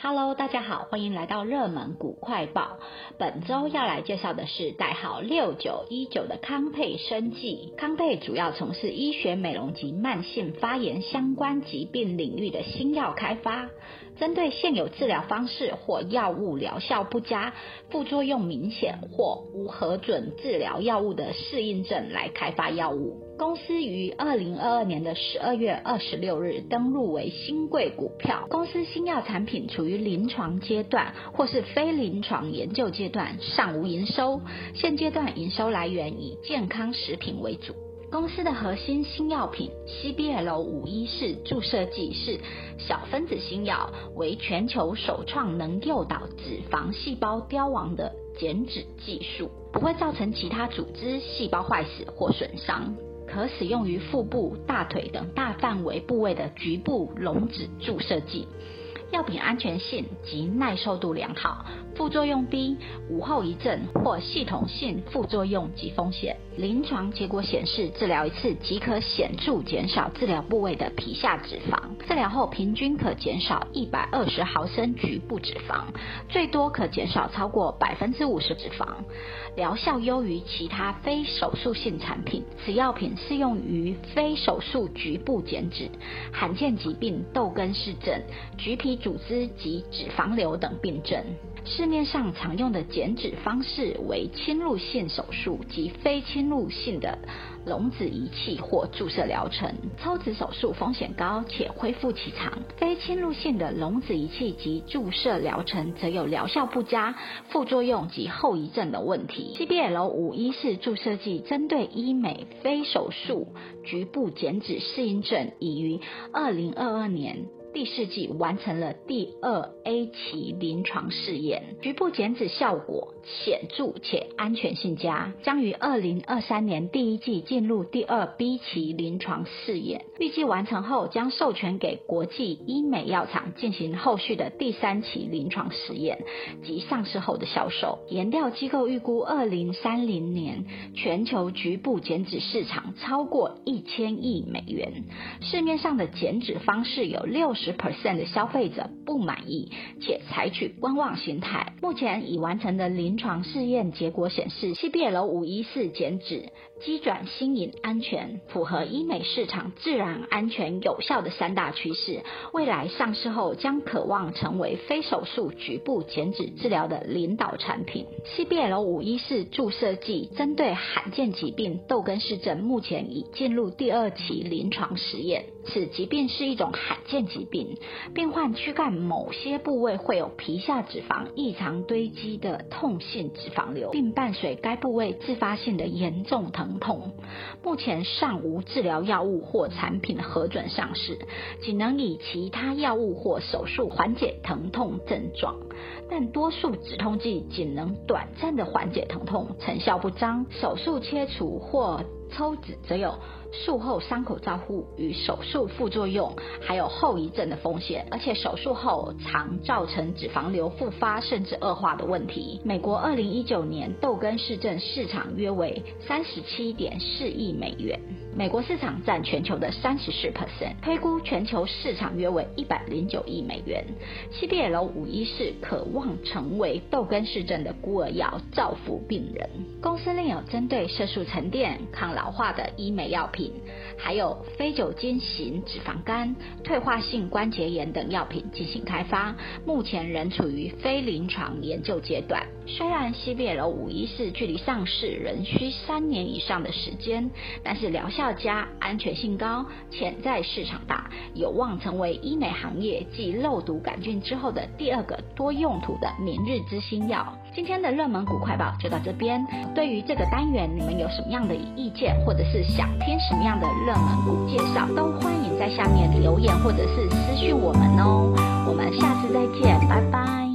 哈嘍，Hello, 大家好，歡迎來到熱門股快報。本周要來介紹的是代號六九一九的康霈生技。康霈主要從事醫學美容及慢性發炎相關疾病領域的新藥開發，針對現有治療方式或藥物療效不佳、副作用明顯或無核准治療藥物的適應症來開發藥物。公司於二零二二年的十二月二十六日登錄為興櫃股票。公司新藥產品處於臨床階段或是非臨床研究階段，尚無營收。現階段營收來源以健康食品為主。公司的核心新藥品 CBL 五一四注射劑是小分子新藥，為全球首創能誘導脂肪細胞凋亡的減脂技術，不會造成其他組織細胞壞死或損傷。可使用於腹部、大腿等大範圍部位的局部溶脂注射劑。藥品安全性及耐受度良好，副作用低，無後遺症或系統性副作用及風險。臨床結果顯示，治療一次即可顯著減少治療部位的皮下脂肪，治療後平均可減少一百二十毫升局部脂肪，最多可減少超過百分之五十脂肪。療效優於其他非手術性產品。此藥品適用於非手術局部減脂，罕見疾病豆根氏症、橘皮。組織及脂肪瘤等病症。市面上常用的減脂方式為侵入性手術及非侵入性的溶脂儀器或注射療程。抽脂手術風險高且恢復期長，非侵入性的溶脂儀器及注射療程則有療效不佳、副作用及後遺症的問題。CBL-514 注射劑針對醫美非手術局部減脂適應症，已於二零二二年。第四季完成了第二 A 期臨床試驗，局部減脂效果顯著且安全性佳，將於二零二三年第一季進入第二 B 期臨床試驗。預計完成後將授權給國際醫美藥廠進行後續的第三期臨床試驗及上市後的銷售。研調機構預估二零三零年全球局部減脂市場超過一千億美元。市面上的減脂方式有六。十 percent 的消費者不滿意，且採取觀望心態。目前已完成的臨床試驗結果顯示，CBL 五一四減脂機轉新穎、安全，符合醫美市場自然、安全、有效的三大趨勢。未來上市後將可望成為非手術局部減脂治、治療的領導產品。CBL 五一四注射劑針對罕見疾病痘根氏症，目前已進入第二期臨床實驗。此疾病是一種罕見疾。病病患軀幹某些部位會有皮下脂肪異常堆積的痛性脂肪瘤，並伴隨該部位自發性的嚴重疼痛。目前尚無治療藥物或產品核准上市，僅能以其他藥物或手術緩解疼痛症狀。但多數止痛劑僅能短暫地緩解疼痛，成效不彰。手術切除或抽脂則有術後傷口照護與手術副作用，還有後遺症的風險，而且手術後常造成脂肪瘤復發甚至惡化的問題。美國二零一九年豆根市政市場約為三十七點四億美元。美國市場佔全球的三十四 percent，推估，全球市場約為一百零九億美元。CBL 五一四，渴望成為杜根氏症的孤兒藥，造福病人。公司另有針對色素沉澱、抗老化的醫美藥品，還有非酒精型脂肪肝、退化性關節炎等藥品進行開發，目前仍處於非臨床研究階段。雖然 CBL-514 距離上市仍需三年以上的時間，但是療效佳、安全性高、潛在市場大，有望成為醫美行業繼肉毒桿菌之後的第二個多用途的明日之星藥。今天的熱門股快報就到這邊。對於這個單元，你們有什麼樣的意見，或者是想聽什麼樣的熱門股介紹，都歡迎在下面留言或者是私信我們哦。我們下次再見，拜拜。